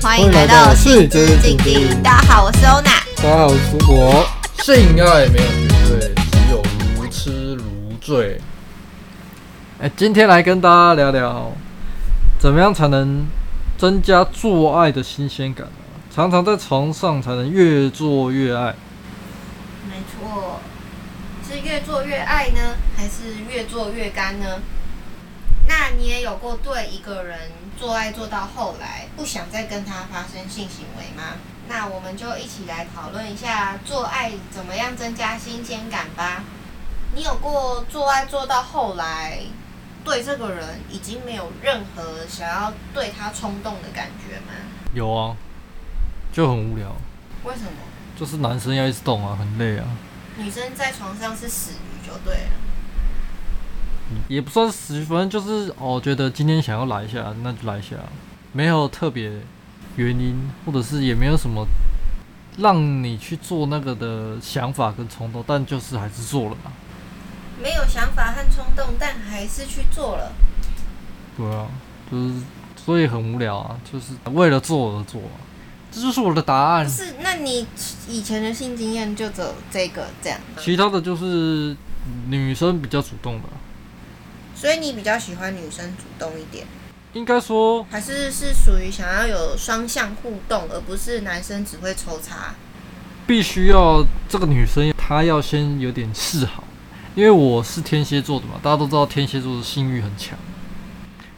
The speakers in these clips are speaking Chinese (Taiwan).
歡迎來到性之靜靜。大家好，我是歐娜。大家好，我是我。性愛沒有絕對，只有如癡如醉。哎、欸，今天來跟大家聊聊，怎麼樣才能增加做愛的新鮮感啊？常常在床上才能越做越愛。沒錯。越做越愛呢，還是越做越乾呢？那你也有過對一個人做愛做到後來不想再跟他發生性行為嗎？那我們就一起來討論一下做愛怎麼樣增加新鮮感吧。你有過做愛做到後來對這個人已經沒有任何想要對他衝動的感覺嗎？有啊，就很無聊。為什麼？就是男生要一直動啊，很累啊。女生在床上是死魚就對了，嗯，也不算是死魚，反正就是哦，覺得今天想要來一下，那就來一下，沒有特別原因，或者是也沒有什麼讓你去做那個的想法跟衝動，但就是還是做了嘛。沒有想法和衝動，但還是去做了。對啊，就是所以很無聊啊，就是為了做而做啊。這就是我的答案。是，那你以前的性經驗就走這個這樣？其他的就是女生比較主動的，所以你比較喜歡女生主動一點。應該說，還是是屬於想要有雙向互動，而不是男生只會抽插。必須要這個女生她要先有點示好，因為我是天蠍座的嘛，大家都知道天蠍座的性慾很強，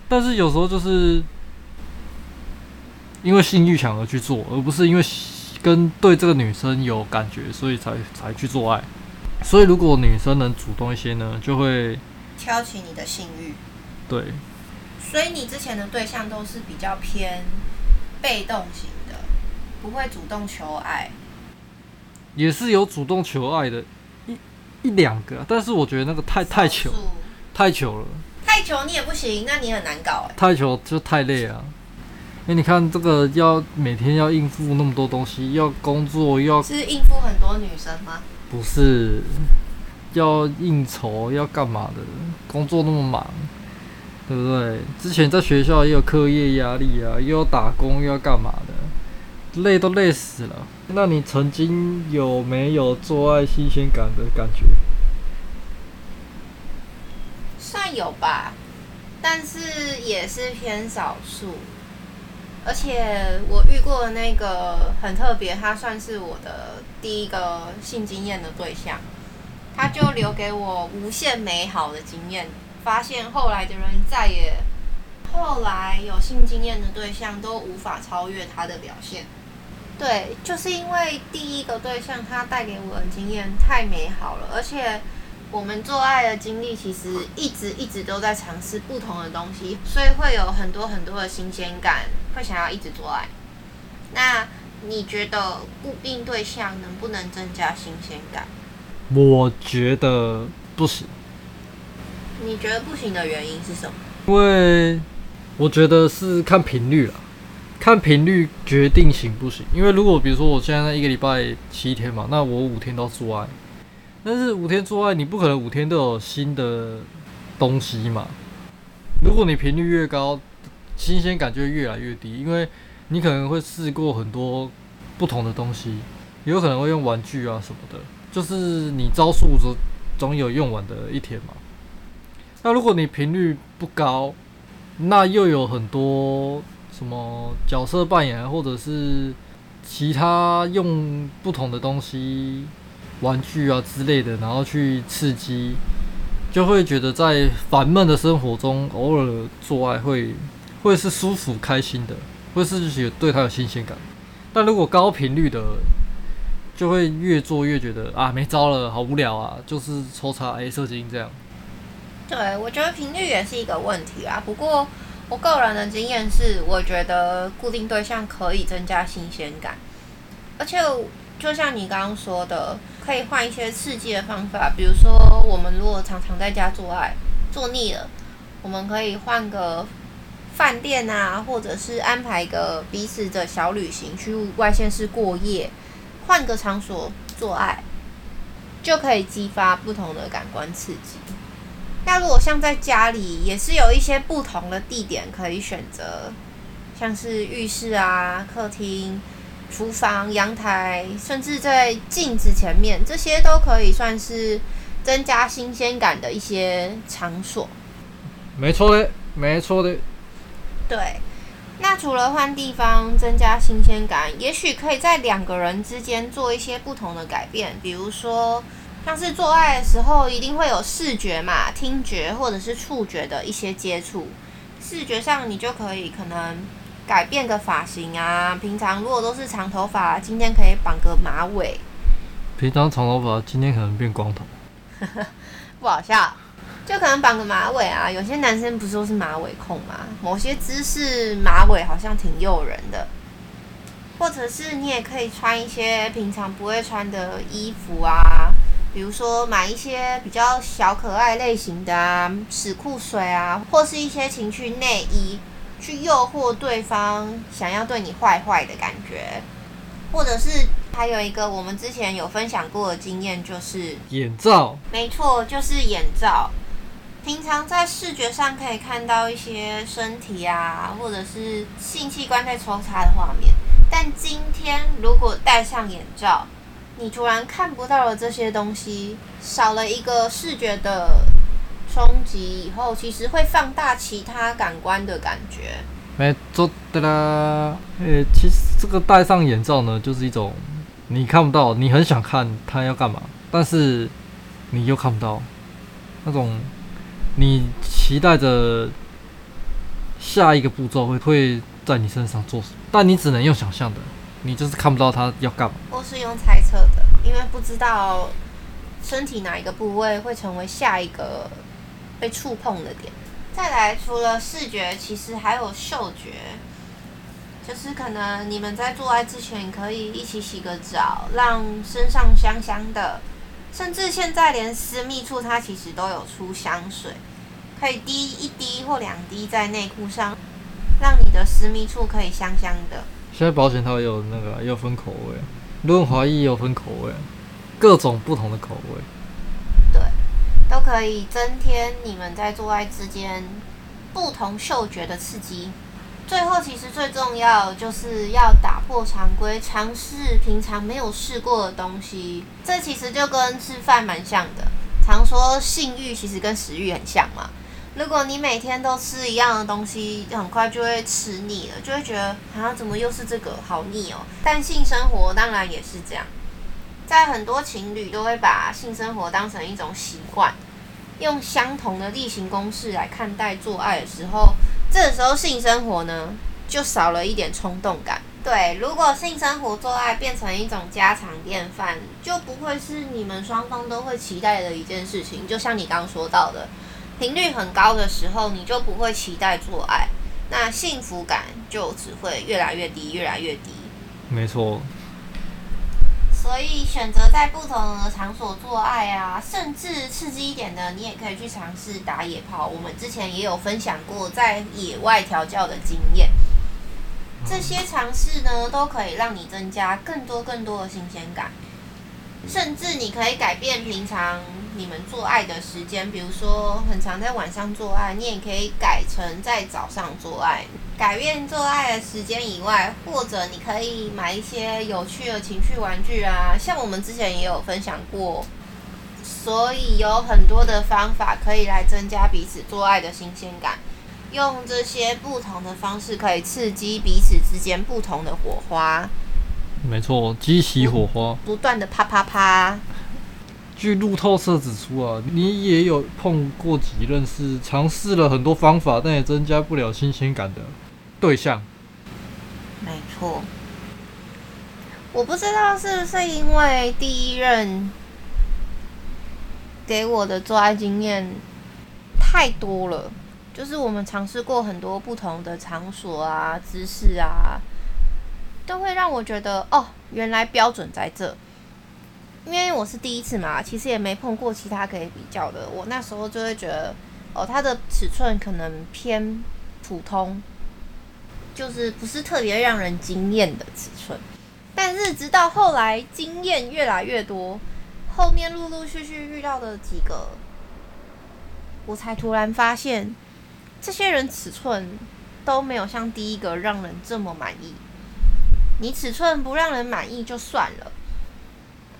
但是有時候就是。因為性欲強而去做，而不是因為跟對這個女生有感覺，所以才才去做愛。所以如果女生能主動一些呢，就會挑起你的性欲。對。所以你之前的對象都是比較偏被動型的，不會主動求愛。也是有主動求愛的一一兩個，但是我覺得那個太數太求，太求了。太求你也不行，那你很難搞、欸、太求就太累啊。那、欸，你看，這個要每天要應付那麼多東西，要工作，又要是應付很多女生嗎？不是，要應酬，要幹嘛的？工作那麼忙，對不對？之前在學校也有課業壓力啊，又要打工，又要幹嘛的，累都累死了。那你曾經有沒有做愛新鮮感的感覺？算有吧，但是也是偏少數。而且我遇過的那個很特別，他算是我的第一個性經驗的對象，他就留給我無限美好的經驗。發現後來的人再也後來有性經驗的對象都無法超越他的表現。對，就是因為第一個對象他帶給我的經驗太美好了，而且。我們做愛的經歷其實一直一直都在嘗試不同的東西，所以會有很多很多的新鮮感，會想要一直做愛。那你覺得固定對象能不能增加新鮮感？我覺得不行。你覺得不行的原因是什麼？因為我覺得是看頻率了，看頻率決定行不行。因為如果比如說我現在一個禮拜七天嘛，那我五天都做愛。但是五天之外，你不可能五天都有新的東西嘛。如果你頻率越高，新鮮感就越來越低，因為你可能會試過很多不同的東西，也有可能會用玩具啊什麼的，就是你招數總總有用完的一天嘛。那如果你頻率不高，那又有很多什麼角色扮演，或者是其他用不同的東西。玩具啊之類的，然後去刺激，就會覺得在煩悶的生活中，偶爾做愛會會是舒服、開心的，會是對他有新鮮感。但如果高頻率的，就會越做越覺得啊，沒招了，好無聊啊，就是抽插欸射精這樣。對，我覺得頻率也是一個問題啊。不過我個人的經驗是，我覺得固定對象可以增加新鮮感，而且。就像你剛剛說的，可以換一些刺激的方法，比如說我們如果常常在家做愛做膩了，我們可以換個飯店啊，或者是安排一個彼此的小旅行去外縣市過夜，換個場所做愛，就可以激發不同的感官刺激。那如果像在家裡，也是有一些不同的地點可以選擇，像是浴室啊、客廳。廚房、陽台，甚至在鏡子前面，這些都可以算是增加新鮮感的一些場所。沒錯的，沒錯的。對，那除了換地方增加新鮮感，也許可以在兩個人之間做一些不同的改變，比如說，像是做愛的時候，一定會有視覺嘛、聽覺或者是觸覺的一些接觸。視覺上，你就可以可能。改變個髮型啊！平常如果都是長頭髮，今天可以綁個馬尾。平常長頭髮，今天可能變光頭。 不好笑，就可能綁個馬尾啊！有些男生不是都是馬尾控嘛？某些姿勢馬尾好像挺誘人的。或者是你也可以穿一些平常不會穿的衣服啊，比如說買一些比較小可愛類型的啊，死庫水啊，或是一些情趣內衣。去誘惑對方，想要對你壞壞的感覺，或者是還有一個我們之前有分享過的經驗，就是眼罩。沒錯，就是眼罩。平常在視覺上可以看到一些身體啊，或者是性器官在抽插的畫面，但今天如果戴上眼罩，你突然看不到了這些東西，少了一個視覺的，衝擊以後，其實會放大其他感官的感覺。沒錯的啦。誒，其實這個戴上眼罩呢，就是一種你看不到，你很想看他要幹嘛，但是你又看不到那種，你期待着下一個步驟會會在你身上做什麼，但你只能用想象的，你就是看不到他要幹嘛。我是用猜測的，因為不知道身體哪一個部位會成為下一個。被觸碰的點，再來除了視覺，其實還有嗅覺，就是可能你們在做愛之前可以一起洗個澡，讓身上香香的，甚至現在連私密處它其實都有出香水，可以滴一滴或兩滴在內褲上，讓你的私密處可以香香的。現在保險套有那個，又分口味，潤滑液又分口味，各種不同的口味。都可以增添你們在做愛之間不同嗅覺的刺激。最後，其實最重要就是要打破常規，嘗試平常沒有試過的東西。這其實就跟吃飯蠻像的，常說性欲其實跟食欲很像嘛。如果你每天都吃一樣的東西，很快就會吃膩了，就會覺得啊，怎麼又是這個，好膩哦。但性生活當然也是這樣。在很多情侶都會把性生活當成一種習慣，用相同的例行公事來看待做愛的時候，這個時候性生活呢就少了一點衝動感。對，如果性生活做愛變成一種家常便飯，就不會是你們雙方都會期待的一件事情。就像你剛剛說到的，頻率很高的時候，你就不會期待做愛，那幸福感就只會越來越低，越來越低。沒錯。所以選擇在不同的場所做愛啊，甚至刺激一點的，你也可以去嘗試打野炮。我們之前也有分享過在野外調教的經驗，這些嘗試呢，都可以讓你增加更多更多的新鮮感，甚至你可以改變平常，你們做愛的時間，比如說很常在晚上做愛，你也可以改成在早上做愛。改變做愛的時間以外，或者你可以買一些有趣的情趣玩具啊，像我們之前也有分享過。所以有很多的方法可以來增加彼此做愛的新鮮感，用這些不同的方式可以刺激彼此之間不同的火花。沒錯，激起火花，不，不斷的啪，啪啪啪。據路透社指出啊，你也有碰過幾任，是嘗試了很多方法，但也增加不了新鮮感的對象。沒錯，我不知道是不是因為第一任給我的做愛經驗太多了，就是我們嘗試過很多不同的場所啊、姿勢啊，都會讓我覺得哦，原來標準在這。因為我是第一次嘛，其實也沒碰過其他可以比較的。我那時候就會覺得，哦，它的尺寸可能偏普通，就是不是特別讓人驚艷的尺寸。但是直到後來經驗越來越多，後面陸陸續續遇到的幾個，我才突然發現，這些人尺寸都沒有像第一個讓人這麼滿意。你尺寸不讓人滿意就算了。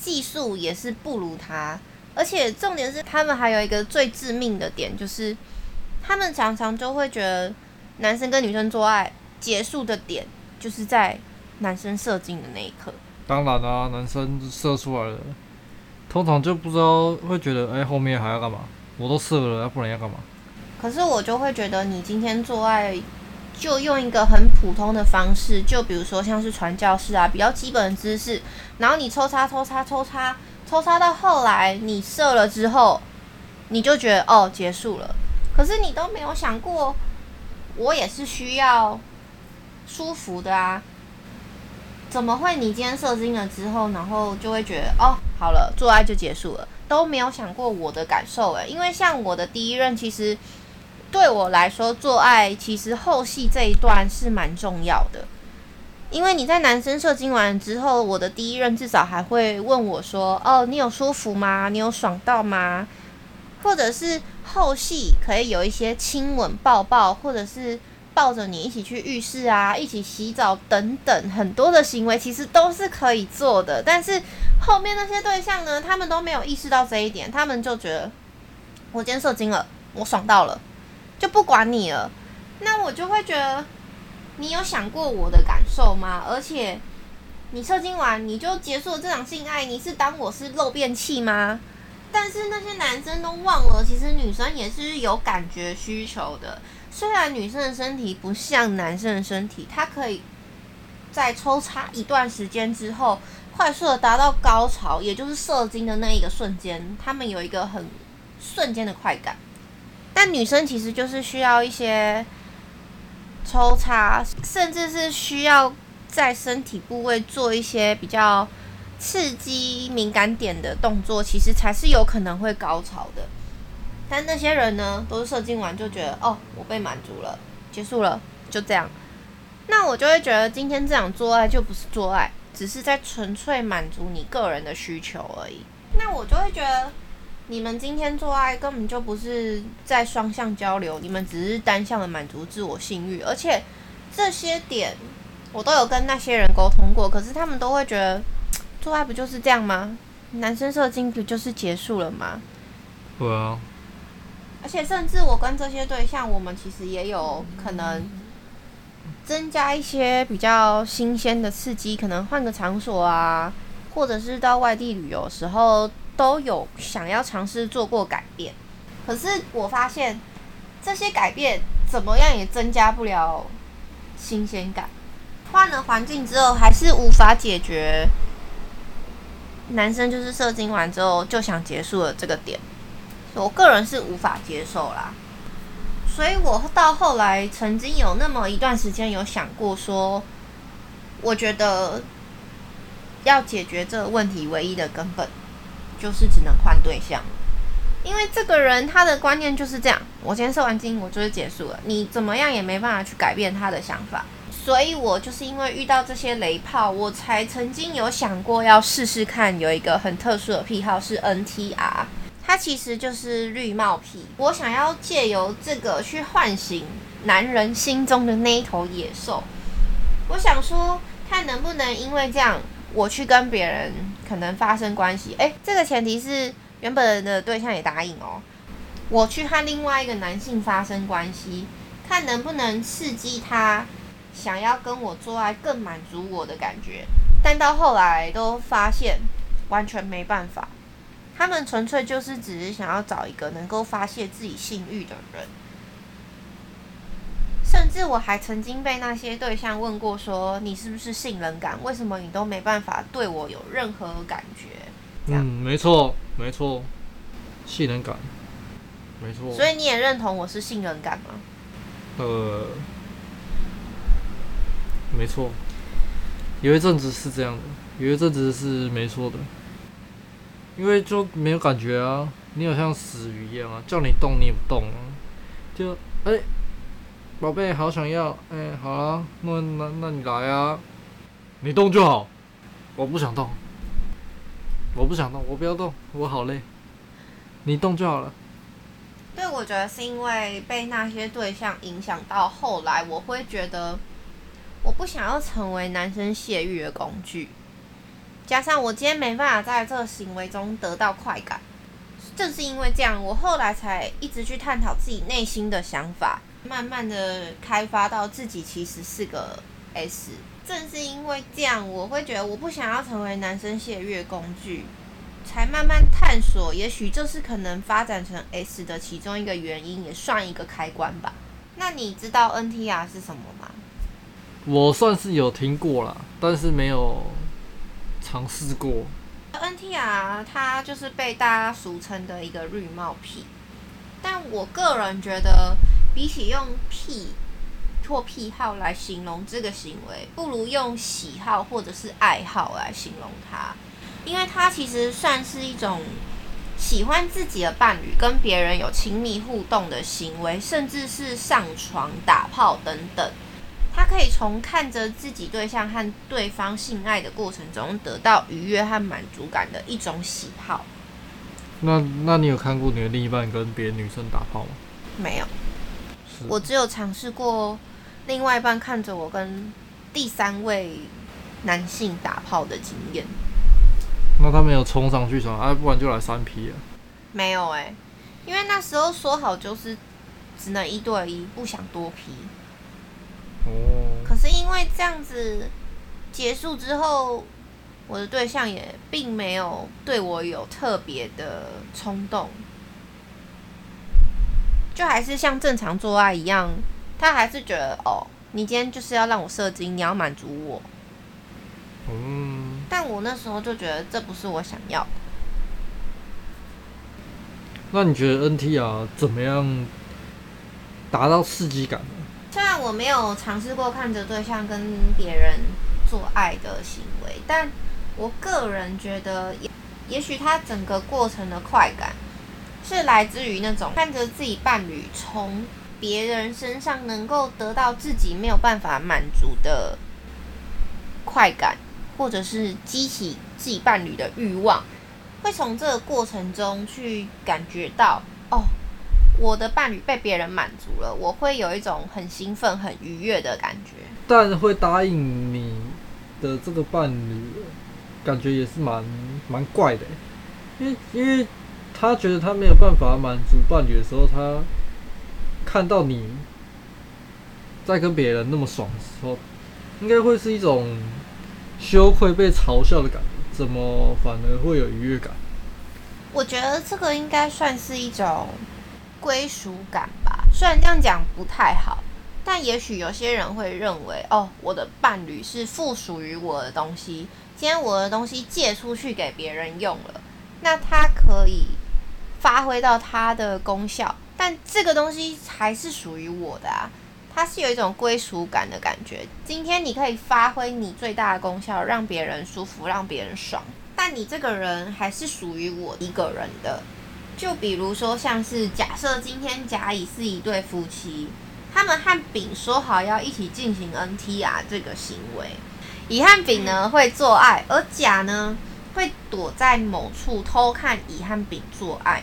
技術也是不如他，而且重點是他們還有一個最致命的點，就是他們常常就會覺得男生跟女生做愛結束的點就是在男生射精的那一刻。當然啦、啊，男生射出來的通常就不知道會覺得，哎、欸，後面還要幹嘛？我都射了，要不然要幹嘛？可是我就會覺得，你今天做愛。就用一個很普通的方式，就比如說像是傳教士啊，比較基本的姿勢，然後你抽插、抽插、抽插、抽插，到後來你射了之後，你就覺得哦結束了，可是你都沒有想過，我也是需要舒服的啊。怎麼會你今天射精了之後，然後就會覺得哦好了，做愛就結束了，都沒有想過我的感受哎、欸，因為像我的第一任其實。對我來說，做愛其實後戲這一段是蠻重要的，因為你在男生射精完之後，我的第一任至少還會問我說：“哦，你有舒服嗎？你有爽到嗎？”或者是後戲可以有一些親吻、抱抱，或者是抱着你一起去浴室啊，一起洗澡等等，很多的行為其實都是可以做的。但是後面那些對象呢，他們都沒有意識到這一點，他們就覺得我今天射精了，我爽到了。就不管你了，那我就會覺得你有想過我的感受嗎？而且你射精完，你就結束了這場性愛，你是當我是肉便器嗎？但是那些男生都忘了，其實女生也是有感覺需求的。雖然女生的身體不像男生的身體，它可以在抽插一段時間之後快速的達到高潮，也就是射精的那一個瞬間，他們有一個很瞬間的快感。但女生其實就是需要一些抽插，甚至是需要在身體部位做一些比較刺激敏感點的動作，其實才是有可能會高潮的。但那些人呢，都是射精完就覺得哦，我被滿足了，結束了，就這樣。那我就會覺得今天這樣做愛就不是做愛，只是在純粹滿足你個人的需求而已。那我就會覺得。你們今天做愛根本就不是在雙向交流，你們只是單向的滿足自我性欲，而且這些點我都有跟那些人溝通過，可是他們都會覺得做愛不就是這樣嗎？男生射精不就是結束了嗎？對啊，而且甚至我跟這些對象，我們其實也有可能增加一些比較新鮮的刺激，可能換個場所啊，或者是到外地旅遊時候。都有想要嘗試做過改變，可是我發現這些改變怎麼樣也增加不了新鮮感。換了環境之後，還是無法解決男生就是射精完之後就想結束了這個點。我個人是無法接受啦，所以我到後來曾經有那麼一段時間有想過說，我覺得要解決這個問題唯一的根本。就是只能換對象，因為這個人他的觀念就是這樣，我今天射完精，我就是結束了，你怎麼樣也沒辦法去改變他的想法。所以我就是因為遇到這些雷炮，我才曾經有想過要試試看，有一個很特殊的癖好是 NTR，它其實就是綠帽癖。我想要借由這個去喚醒男人心中的那一頭野獸，我想說，看能不能因為這樣，我去跟別人。可能發生關係，誒，這個前提是原本的對象也答應哦、喔。我去和另外一個男性發生關係，看能不能刺激他想要跟我做愛更滿足我的感覺，但到後來都發現完全沒辦法。他們純粹就是只是想要找一個能夠發洩自己性慾的人。甚至我還曾經被那些對象問過，說你是不是性冷感？為什麼你都沒辦法對我有任何感覺？嗯，沒錯，沒錯，性冷感，沒錯。所以你也認同我是性冷感嗎？呃，沒錯。有一陣子是這樣的，有一陣子是沒錯的，因為就沒有感覺啊，你好像死魚一樣啊，叫你動你也不動啊，就哎。欸寶貝，好想要，哎，好啊，那那那你來啊，你動就好，我不想動，我不想動，我不要動，我好累，你動就好了。對，我覺得是因為被那些對象影響到，後來我會覺得我不想要成為男生泄欲的工具，加上我今天沒辦法在這個行為中得到快感，正是因為這樣，我後來才一直去探討自己內心的想法。慢慢的開發到自己其實是個 S，正是因為這樣，我會覺得我不想要成為男生洩慾工具，才慢慢探索，也許這是可能發展成 S 的其中一個原因，也算一個開關吧。那你知道 NTR 是什麼嗎？我算是有聽過啦，但是沒有嘗試過。NTR 它就是被大家俗稱的一個綠帽癖，但我個人覺得。比起用癖或癖好來形容這個行為，不如用喜好或者是愛好來形容它，因為它其實算是一種喜歡自己的伴侶跟別人有親密互動的行為，甚至是上床打炮等等。他可以從看着自己對象和對方性愛的過程中得到愉悅和滿足感的一種喜好。那，那你有看過你的另一半跟別的女生打炮嗎？沒有。我只有嘗試過另外一半看着我跟第三位男性打炮的經驗。那他沒有衝上去想哎，不然就來三批啊？沒有哎，因為那時候說好就是只能一對一，不想多批。哦。可是因為這樣子結束之後，我的對象也並沒有對我有特別的衝動。就還是像正常做愛一樣，他還是覺得哦，你今天就是要讓我射精，你要滿足我。嗯。但我那時候就覺得這不是我想要的。那你覺得 NTR 怎麼樣達到刺激感呢？雖然我沒有嘗試過看着對象跟別人做愛的行為，但我個人覺得也，也也許他整個過程的快感。是來自於那種看着自己伴侶從別人身上能夠得到自己沒有辦法滿足的快感，或者是激起自己伴侶的欲望，會從這個過程中去感覺到哦，我的伴侶被別人滿足了，我會有一種很興奮、很愉悅的感覺。但會答應你的這個伴侶，感覺也是蠻蠻怪的欸。因為因為。他覺得他沒有辦法滿足伴侶的時候，他看到你在跟別人那麼爽的時候，應該會是一種羞愧被嘲笑的感覺。怎麼反而會有愉悅感？我覺得這個應該算是一種歸屬感吧。雖然這樣講不太好，但也許有些人會認為，哦，我的伴侶是附屬於我的東西，今天我的東西借出去給別人用了，那他可以。發揮到它的功效，但這個東西還是屬於我的啊，它是有一種歸屬感的感覺。今天你可以發揮你最大的功效，讓別人舒服，讓別人爽，但你這個人還是屬於我一個人的。就比如說，像是假設今天甲乙是一對夫妻，他們和丙說好要一起進行 NTR 這個行為，乙和丙呢會做愛，而甲呢。會躲在某處偷看乙和丙做愛。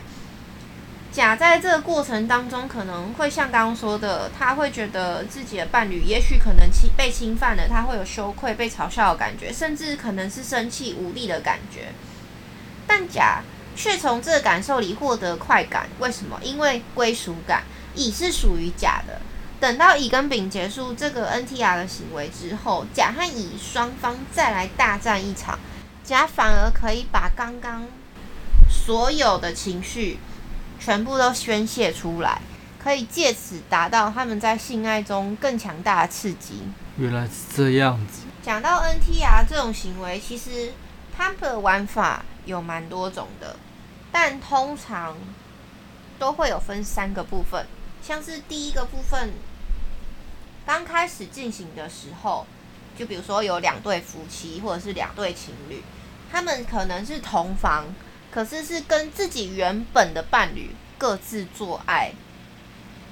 甲在這個過程當中，可能會像剛剛說的，他會覺得自己的伴侶也許可能被侵犯了，他會有羞愧、被嘲笑的感覺，甚至可能是生氣、無力的感覺。但甲卻從這個感受裡獲得快感，為什麼？因為歸屬感。乙是屬於甲的。等到乙跟丙結束這個 NTR 的行為之後，甲和乙雙方再來大戰一場。假，反而可以把剛剛所有的情緒全部都宣洩出來，可以借此達到他們在性愛中更強大的刺激。原來是這樣子。講到 NTR 這種行為，其實它的、um、玩法有蠻多種的，但通常都會有分三個部分，像是第一個部分剛開始進行的時候，就比如說有兩對夫妻或者是兩對情侶。他們可能是同房，可是是跟自己原本的伴侶各自做愛，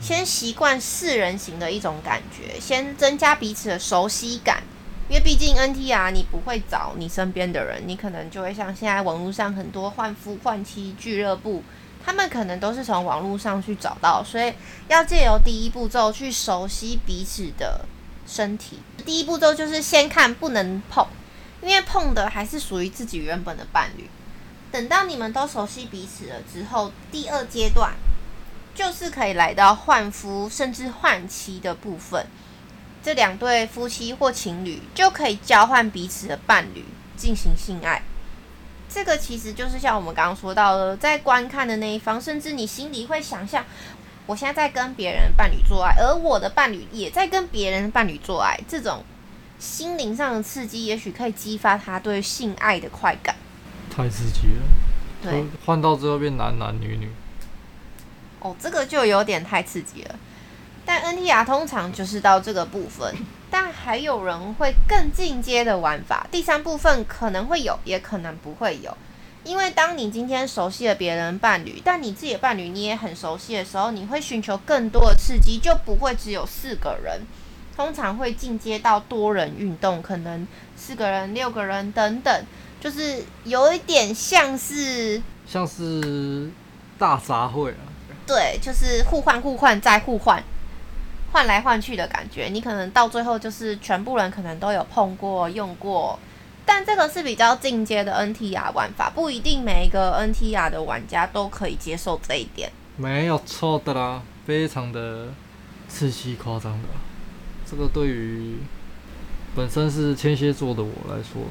先習慣四人行的一種感覺，先增加彼此的熟悉感。因為畢竟 NTR 你不會找你身邊的人，你可能就會像現在網絡上很多換夫換妻俱樂部，他們可能都是從網絡上去找到，所以要借由第一步驟去熟悉彼此的身體。第一步驟就是先看，不能碰。因為碰的還是屬於自己原本的伴侶，等到你們都熟悉彼此了之後，第二階段就是可以來到換夫甚至換妻的部分，這兩對夫妻或情侶就可以交換彼此的伴侶進行性愛。這個其實就是像我們剛剛說到的，在觀看的那一方，甚至你心裡會想象，我現在在跟別人伴侶做愛，而我的伴侶也在跟別人伴侶做愛，這種。心靈上的刺激，也許可以激發他對性愛的快感。太刺激了，對，換到之後變男男女女。哦，這個就有點太刺激了。但 NTR 通常就是到這個部分，但還有人會更進階的玩法。第三部分可能會有，也可能不會有，因為當你今天熟悉了別人伴侶，但你自己的伴侶你也很熟悉的時候，你會尋求更多的刺激，就不會只有四個人。通常會進階到多人運動，可能四個人、六個人等等，就是有一點像是，像是大雜燴啊。對，就是互換、互換再互換，換來換去的感覺。你可能到最後就是全部人可能都有碰過、用過，但這個是比較進階的 NTR 玩法，不一定每一個 NTR 的玩家都可以接受這一點。沒有錯的啦，非常的刺激誇張的。這個對於本身是天蠍座的我來說，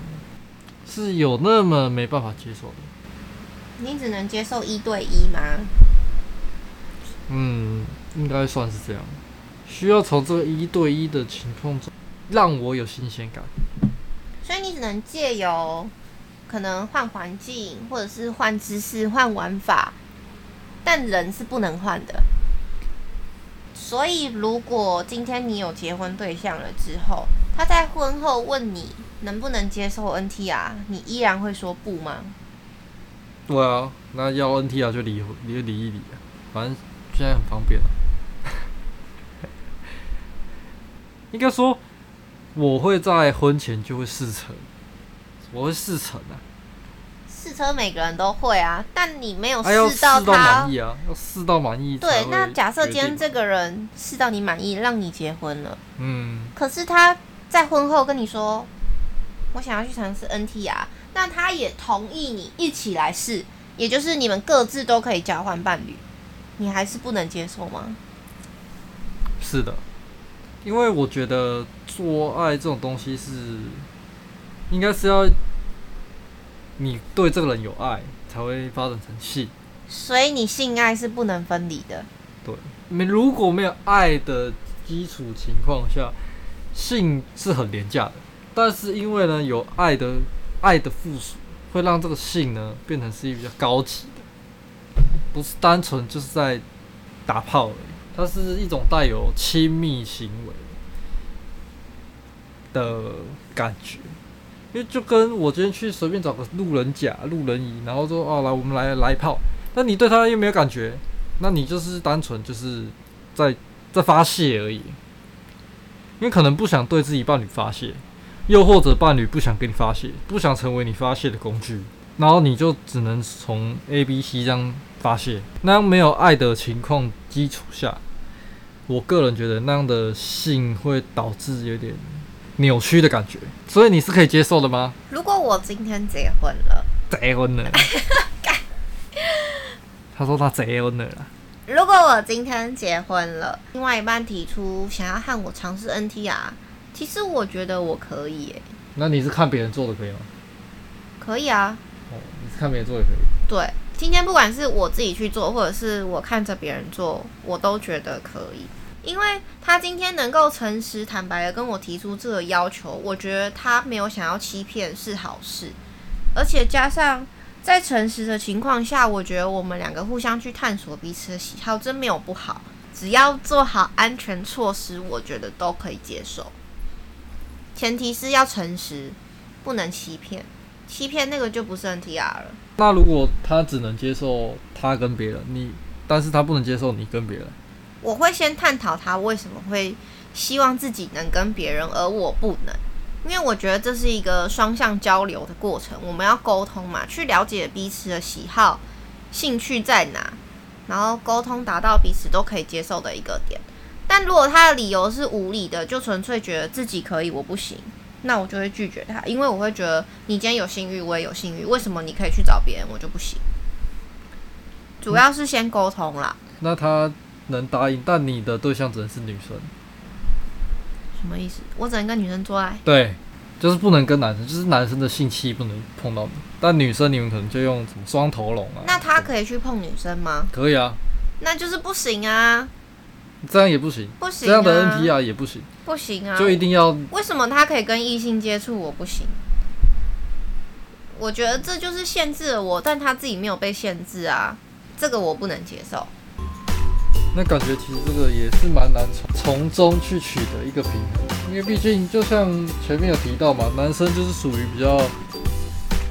是有那麼沒辦法接受的。你只能接受一對一嗎？嗯，應該算是這樣。需要從這個一對一的情況中，讓我有新鮮感。所以你只能借由可能換環境，或者是換姿勢、換玩法，但人是不能換的。所以，如果今天你有結婚對象了之後，他在婚後問你能不能接受 NT r 你依然會說不嗎？對啊，那要 NT r 就離你就離一離，啊，反正現在很方便了。 應該說，我會在婚前就會事成，我會事成啊。試車每個人都會啊，但你沒有試到他滿意啊，要試到滿意。對，那假設今天這個人試到你滿意，讓你結婚了，嗯，可是他在婚後跟你說，我想要去嘗試 NTR 啊，那他也同意你一起來試，也就是你們各自都可以交換伴侶，你還是不能接受嗎？是的，因為我覺得做愛這種東西是，應該是要。你對這個人有愛，才會發展成性。所以你性愛是不能分離的。對，沒如果沒有愛的基礎情況下，性是很廉價的。但是因為呢，有愛的愛的附屬，會讓這個性呢變成是一個比較高級的，不是單純就是在打炮而已，它是一種帶有親密行為的感覺。因為就跟我今天去隨便找個路人甲、路人乙，然後說：“哦，來，我們來來一炮。”那你對他又沒有感覺，那你就是單純就是在在發洩而已。因為可能不想對自己伴侶發洩，又或者伴侶不想跟你發洩，不想成為你發洩的工具，然後你就只能從 A、B、C 這樣發洩。那樣沒有愛的情況基礎下，我個人覺得那樣的性會導致有點。扭曲的感覺，所以你是可以接受的嗎？如果我今天結婚了，婚了 他說他結婚了。如果我今天結婚了，另外一半提出想要和我嘗試 NTR，其實我覺得我可以欸。那你是看別人做的可以嗎？可以啊。哦，你是看別人做也可以。對，今天不管是我自己去做，或者是我看着別人做，我都覺得可以。因為他今天能夠誠實坦白的跟我提出這個要求，我覺得他沒有想要欺騙是好事，而且加上在誠實的情況下，我覺得我們兩個互相去探索彼此的喜好，真沒有不好，只要做好安全措施，我覺得都可以接受，前提是要誠實，不能欺騙，欺騙那個就不是 NTR 了。那如果他只能接受他跟別人，你，但是他不能接受你跟別人？我會先探討他為什麼會希望自己能跟別人，而我不能，因為我覺得這是一個雙向交流的過程，我們要溝通嘛，去了解彼此的喜好、興趣在哪，然後溝通達到彼此都可以接受的一個點。但如果他的理由是無理的，就純粹覺得自己可以，我不行，那我就會拒絕他，因為我會覺得你今天有性慾，我也有性慾，為什麼你可以去找別人，我就不行？主要是先溝通啦。那他。能答應，但你的對象只能是女生。什麼意思？我只能跟女生做愛？對，就是不能跟男生，就是男生的性器不能碰到你。但女生你們可能就用什麼雙頭龍啊？那他可以去碰女生嗎？可以啊。那就是不行啊。這樣也不行，不行、啊、這樣的 NTR 啊也不行，不行啊，就一定要。為什麼他可以跟異性接觸，我不行？我覺得這就是限制了我，但他自己沒有被限制啊，這個我不能接受。那感覺其實這個也是蠻難從從中去取得一個平衡，因為畢竟就像前面有提到嘛，男生就是屬於比較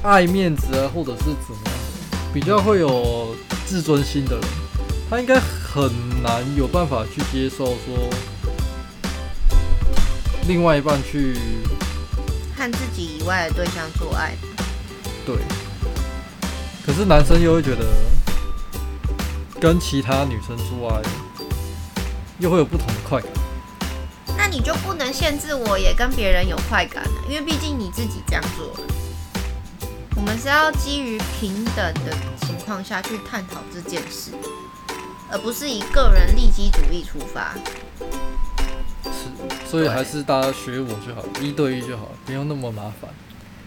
愛面子啊，或者是怎麼樣，比較會有自尊心的人，他應該很難有辦法去接受說另外一半去和自己以外的對象做愛。對。可是男生又會覺得。跟其他女生做愛，又會有不同的快感。那你就不能限制我也跟別人有快感了。因為畢竟你自己這樣做了。我們是要基於平等的情況下去探討這件事，而不是以個人利己主義出發。是，所以還是大家學我就好。對一對一就好，不用那麼麻煩。